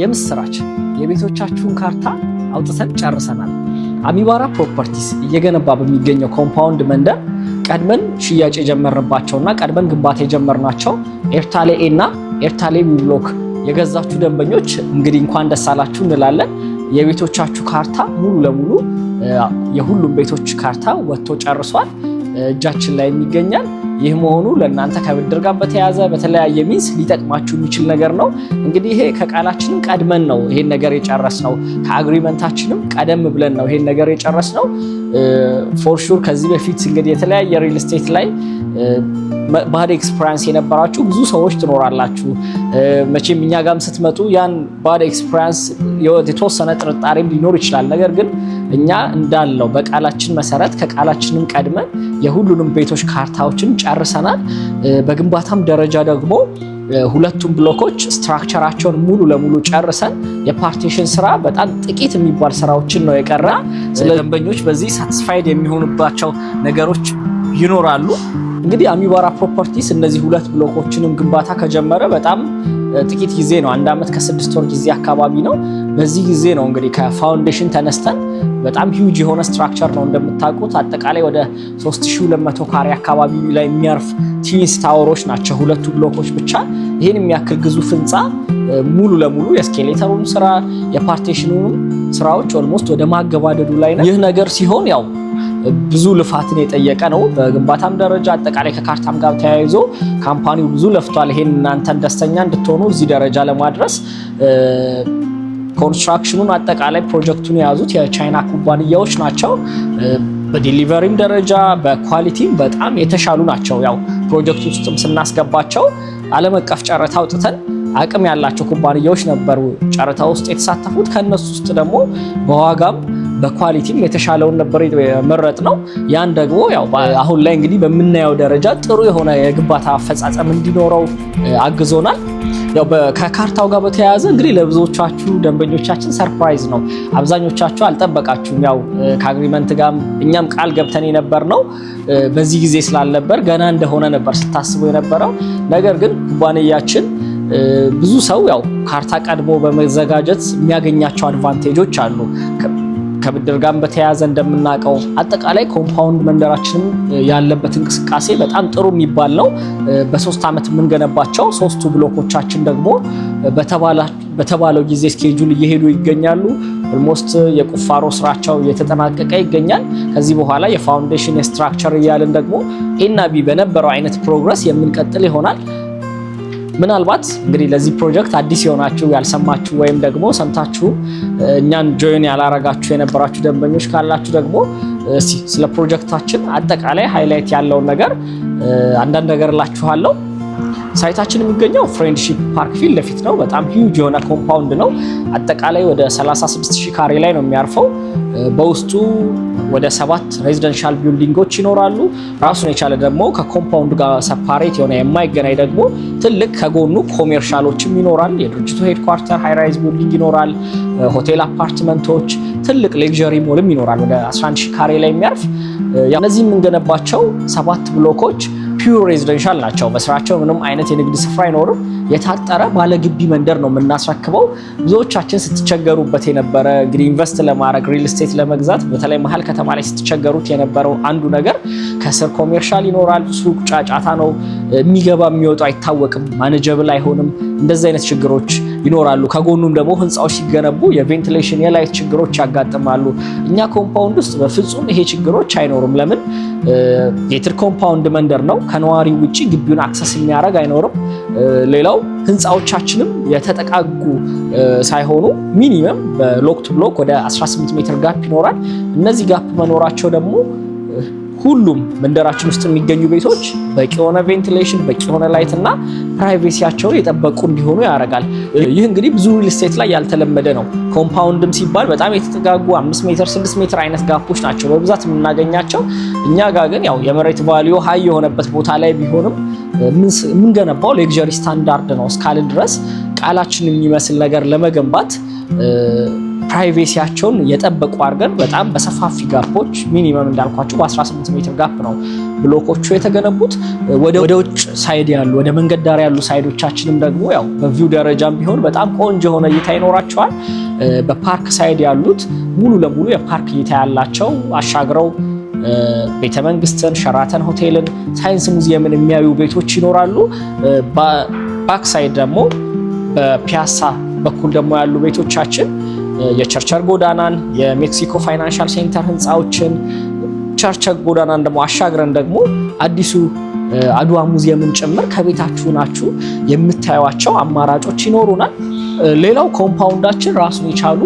የምስራች! የቤቶቻችሁን ካርታ አውጥተን ጨርሰናል። አሚባራ ፕሮፐርቲስ እየገነባ በሚገኘው ኮምፓውንድ መንደር ቀድመን ሽያጭ የጀመርንባቸውና ቀድመን ግንባታ የጀመርናቸው ኤርታሌ ኤ እና ኤርታሌ ብሎክ የገዛችሁ ደንበኞች እንግዲህ እንኳን ደስ አላችሁ እንላለን። የቤቶቻችሁ ካርታ ሙሉ ለሙሉ የሁሉም ቤቶች ካርታ ወጥቶ ጨርሷል። እጃችን ላይ ይገኛል። ይህ መሆኑ ለእናንተ ከብድር ጋር በተያያዘ በተለያየ ሚንስ ሊጠቅማችሁ የሚችል ነገር ነው። እንግዲህ ይሄ ከቃላችንም ቀድመን ነው ይሄን ነገር የጨረስ ነው። ከአግሪመንታችንም ቀደም ብለን ነው ይሄን ነገር የጨረስ ነው። ፎርሹር ከዚህ በፊት እንግዲህ የተለያየ ሪል ስቴት ላይ ባድ ኤክስፒሪያንስ የነበራችሁ ብዙ ሰዎች ትኖራላችሁ። መቼም እኛ ጋም ስትመጡ ያን ባድ ኤክስፒሪያንስ የተወሰነ ጥርጣሬም ሊኖር ይችላል። ነገር ግን እኛ እንዳለው በቃላችን መሰረት ከቃላችንም ቀድመን የሁሉንም ቤቶች ካርታዎችን ጨርሰናል። በግንባታም ደረጃ ደግሞ ሁለቱም ብሎኮች ስትራክቸራቸውን ሙሉ ለሙሉ ጨርሰን የፓርቲሽን ስራ በጣም ጥቂት የሚባል ስራዎችን ነው የቀረ። ደንበኞች በዚህ ሳትስፋይድ የሚሆኑባቸው ነገሮች ይኖራሉ። እንግዲህ አሚባራ ፕሮፐርቲስ እነዚህ ሁለት ብሎኮችንም ግንባታ ከጀመረ በጣም ጥቂት ጊዜ ነው። አንድ ዓመት ከስድስት ወር ጊዜ አካባቢ ነው። በዚህ ጊዜ ነው እንግዲህ ከፋውንዴሽን ተነስተን በጣም ሂውጅ የሆነ ስትራክቸር ነው እንደምታውቁት። አጠቃላይ ወደ 3200 ካሬ አካባቢ ላይ የሚያርፍ ቲኒስ ታወሮች ናቸው ሁለቱ ብሎኮች ብቻ። ይህን የሚያክል ግዙፍ ህንፃ ሙሉ ለሙሉ የስኬሌተሩን ስራ የፓርቴሽኑን ስራዎች ኦልሞስት ወደ ማገባደዱ ላይ ነው። ይህ ነገር ሲሆን ያው ብዙ ልፋትን የጠየቀ ነው። በግንባታም ደረጃ አጠቃላይ ከካርታም ጋር ተያይዞ ካምፓኒው ብዙ ለፍቷል። ይሄን እናንተን ደስተኛ እንድትሆኑ እዚህ ደረጃ ለማድረስ ኮንስትራክሽኑን አጠቃላይ ፕሮጀክቱን የያዙት የቻይና ኩባንያዎች ናቸው። በዲሊቨሪም ደረጃ በኳሊቲም በጣም የተሻሉ ናቸው። ያው ፕሮጀክት ውስጥም ስናስገባቸው ዓለም አቀፍ ጨረታ አውጥተን አቅም ያላቸው ኩባንያዎች ነበሩ ጨረታ ውስጥ የተሳተፉት። ከእነሱ ውስጥ ደግሞ በዋጋም በኳሊቲም የተሻለውን ነበር መረጥ ነው። ያን ደግሞ ያው አሁን ላይ እንግዲህ በምናየው ደረጃ ጥሩ የሆነ የግንባታ አፈጻጸም እንዲኖረው አግዞናል። ያው ከካርታው ጋር በተያያዘ እንግዲህ ለብዙዎቻችሁ ደንበኞቻችን ሰርፕራይዝ ነው። አብዛኞቻችሁ አልጠበቃችሁም። ያው ከአግሪመንት ጋር እኛም ቃል ገብተን የነበር ነው በዚህ ጊዜ ስላልነበር ገና እንደሆነ ነበር ስታስቡ የነበረው። ነገር ግን ኩባንያችን ብዙ ሰው ያው ካርታ ቀድሞ በመዘጋጀት የሚያገኛቸው አድቫንቴጆች አሉ ከብድር ጋር በተያያዘ እንደምናውቀው አጠቃላይ ኮምፓውንድ መንደራችንም ያለበት እንቅስቃሴ በጣም ጥሩ የሚባል ነው። በሶስት ዓመት የምንገነባቸው ሶስቱ ብሎኮቻችን ደግሞ በተባለው ጊዜ ስኬጁል እየሄዱ ይገኛሉ። ኦልሞስት የቁፋሮ ስራቸው እየተጠናቀቀ ይገኛል። ከዚህ በኋላ የፋውንዴሽን የስትራክቸር እያልን ደግሞ ቢ በነበረው አይነት ፕሮግረስ የምንቀጥል ይሆናል። ምናልባት እንግዲህ ለዚህ ፕሮጀክት አዲስ የሆናችሁ ያልሰማችሁ ወይም ደግሞ ሰምታችሁ እኛን ጆይን ያላረጋችሁ የነበራችሁ ደንበኞች ካላችሁ ደግሞ ስለ ፕሮጀክታችን አጠቃላይ ሃይላይት ያለውን ነገር አንዳንድ ነገር እላችኋለሁ። ሳይታችን የሚገኘው ፍሬንድሺፕ ፓርክ ፊት ለፊት ነው። በጣም ሂውጅ የሆነ ኮምፓውንድ ነው። አጠቃላይ ወደ 36000 ካሬ ላይ ነው የሚያርፈው። በውስጡ ወደ ሰባት ሬዚደንሻል ቢልዲንጎች ይኖራሉ። ራሱን የቻለ ደግሞ ከኮምፓውንድ ጋር ሰፓሬት የሆነ የማይገናኝ ደግሞ ትልቅ ከጎኑ ኮሜርሻሎችም ይኖራል። የድርጅቱ ሄድኳርተር ሃይራይዝ ቢልዲንግ ይኖራል። ሆቴል አፓርትመንቶች፣ ትልቅ ሌክዠሪ ሞልም ይኖራል። ወደ 11 ካሬ ላይ የሚያርፍ እነዚህ የምንገነባቸው ሰባት ብሎኮች ፒዩር ሬዚደንሻል ናቸው። በስራቸው ምንም አይነት የንግድ ስፍራ አይኖርም። የታጠረ ባለግቢ መንደር ነው የምናስረክበው። ብዙዎቻችን ስትቸገሩበት የነበረ እንግዲህ ኢንቨስት ለማድረግ ሪል ስቴት ለመግዛት በተለይ መሀል ከተማ ላይ ስትቸገሩት የነበረው አንዱ ነገር ከስር ኮሜርሻል ይኖራል። ሱቅ ጫጫታ ነው። የሚገባ የሚወጣ አይታወቅም፣ ማኔጀብል አይሆንም። እንደዚህ አይነት ችግሮች ይኖራሉ። ከጎኑም ደግሞ ህንፃዎች ሲገነቡ የቬንቲሌሽን የላይት ችግሮች ያጋጥማሉ። እኛ ኮምፓውንድ ውስጥ በፍጹም ይሄ ችግሮች አይኖሩም። ለምን ሜትር ኮምፓውንድ መንደር ነው። ከነዋሪ ውጭ ግቢውን አክሰስ የሚያደርግ አይኖርም። ሌላው ህንፃዎቻችንም የተጠቃጉ ሳይሆኑ ሚኒመም በሎክት ብሎክ ወደ 18 ሜትር ጋፕ ይኖራል። እነዚህ ጋፕ መኖራቸው ደግሞ ሁሉም መንደራችን ውስጥ የሚገኙ ቤቶች በቂ የሆነ ቬንቲሌሽን፣ በቂ የሆነ ላይት እና ፕራይቬሲያቸውን የጠበቁ እንዲሆኑ ያደርጋል። ይህ እንግዲህ ብዙ ሪል ስቴት ላይ ያልተለመደ ነው። ኮምፓውንድም ሲባል በጣም የተጠጋጉ አምስት ሜትር ስድስት ሜትር አይነት ጋፖች ናቸው በብዛት የምናገኛቸው። እኛ ጋር ግን ያው የመሬት ቫሊዮ ሀይ የሆነበት ቦታ ላይ ቢሆንም የምንገነባው ሌግዠሪ ስታንዳርድ ነው እስካልን ድረስ ቃላችን የሚመስል ነገር ለመገንባት ፕራይቬሲያቸውን የጠበቁ አድርገን በጣም በሰፋፊ ጋፖች ሚኒመም እንዳልኳቸው በ18 ሜትር ጋፕ ነው ብሎኮቹ የተገነቡት። ወደ ውጭ ሳይድ ያሉ ወደ መንገድ ዳር ያሉ ሳይዶቻችንም ደግሞ ያው በቪው ደረጃም ቢሆን በጣም ቆንጆ የሆነ እይታ ይኖራቸዋል። በፓርክ ሳይድ ያሉት ሙሉ ለሙሉ የፓርክ እይታ ያላቸው አሻግረው ቤተመንግስትን፣ ሸራተን ሆቴልን፣ ሳይንስ ሙዚየምን የሚያዩ ቤቶች ይኖራሉ። ባክሳይድ ደግሞ በፒያሳ በኩል ደግሞ ያሉ ቤቶቻችን የቸርቸር ጎዳናን፣ የሜክሲኮ ፋይናንሻል ሴንተር ህንፃዎችን፣ ቸርቸር ጎዳናን ደግሞ አሻግረን ደግሞ አዲሱ አድዋ ሙዚየምን ጭምር ከቤታችሁ ናችሁ የምታዩቸው አማራጮች ይኖሩናል። ሌላው ኮምፓውንዳችን ራሱን የቻሉ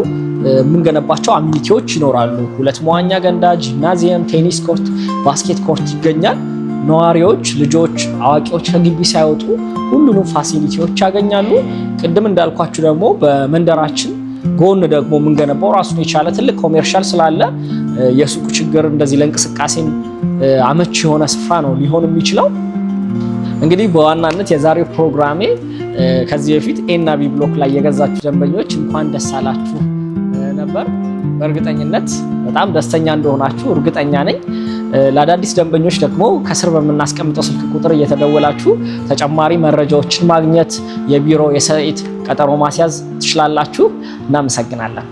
የምንገነባቸው አሚኒቲዎች ይኖራሉ። ሁለት መዋኛ ገንዳ፣ ጂምናዚየም፣ ቴኒስ ኮርት፣ ባስኬት ኮርት ይገኛል። ነዋሪዎች፣ ልጆች፣ አዋቂዎች ከግቢ ሳይወጡ ሁሉንም ፋሲሊቲዎች ያገኛሉ። ቅድም እንዳልኳችሁ ደግሞ በመንደራችን ጎን ደግሞ የምንገነባው ራሱን የቻለ ትልቅ ኮሜርሻል ስላለ የሱቁ ችግር እንደዚህ ለእንቅስቃሴም አመች የሆነ ስፍራ ነው ሊሆን የሚችለው። እንግዲህ በዋናነት የዛሬው ፕሮግራሜ ከዚህ በፊት ኤና ቢ ብሎክ ላይ የገዛችሁ ደንበኞች እንኳን ደስ አላችሁ ነበር። በእርግጠኝነት በጣም ደስተኛ እንደሆናችሁ እርግጠኛ ነኝ። ለአዳዲስ ደንበኞች ደግሞ ከስር በምናስቀምጠው ስልክ ቁጥር እየተደወላችሁ ተጨማሪ መረጃዎችን ማግኘት የቢሮ የሰይት ቀጠሮ ማስያዝ ትችላላችሁ። እናመሰግናለን።